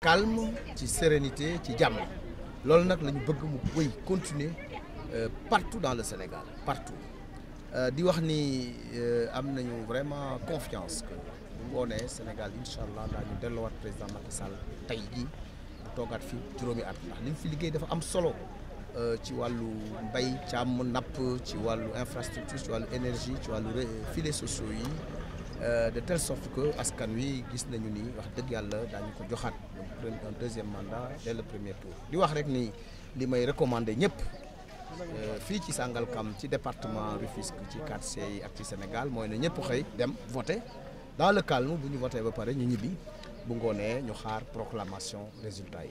calme ci sérénité ci jàmm loolu nag la ñu bëgg mu continuer euh, partout dans le Sénégal partout euh, di wax ni euh, am vraiment confiance que bu au Sénégal incha allah daañu delluwaat président Macky Sall tey jii mu toogaat fi Nous at ndax li mu fi liggéey dafa am solo ci wàllu mbay càmm napp ci walu infrastructure ci walu énergie ci walu filets sociaux yi euh, de telle sorte que askan wi gis nañu ni wax un deuxième mandat dès le premier tour di wax rek ni recommander euh, département quartier Sénégal voter dans le calme où voter ba paré ñu ñibi bu proclamation résultat yi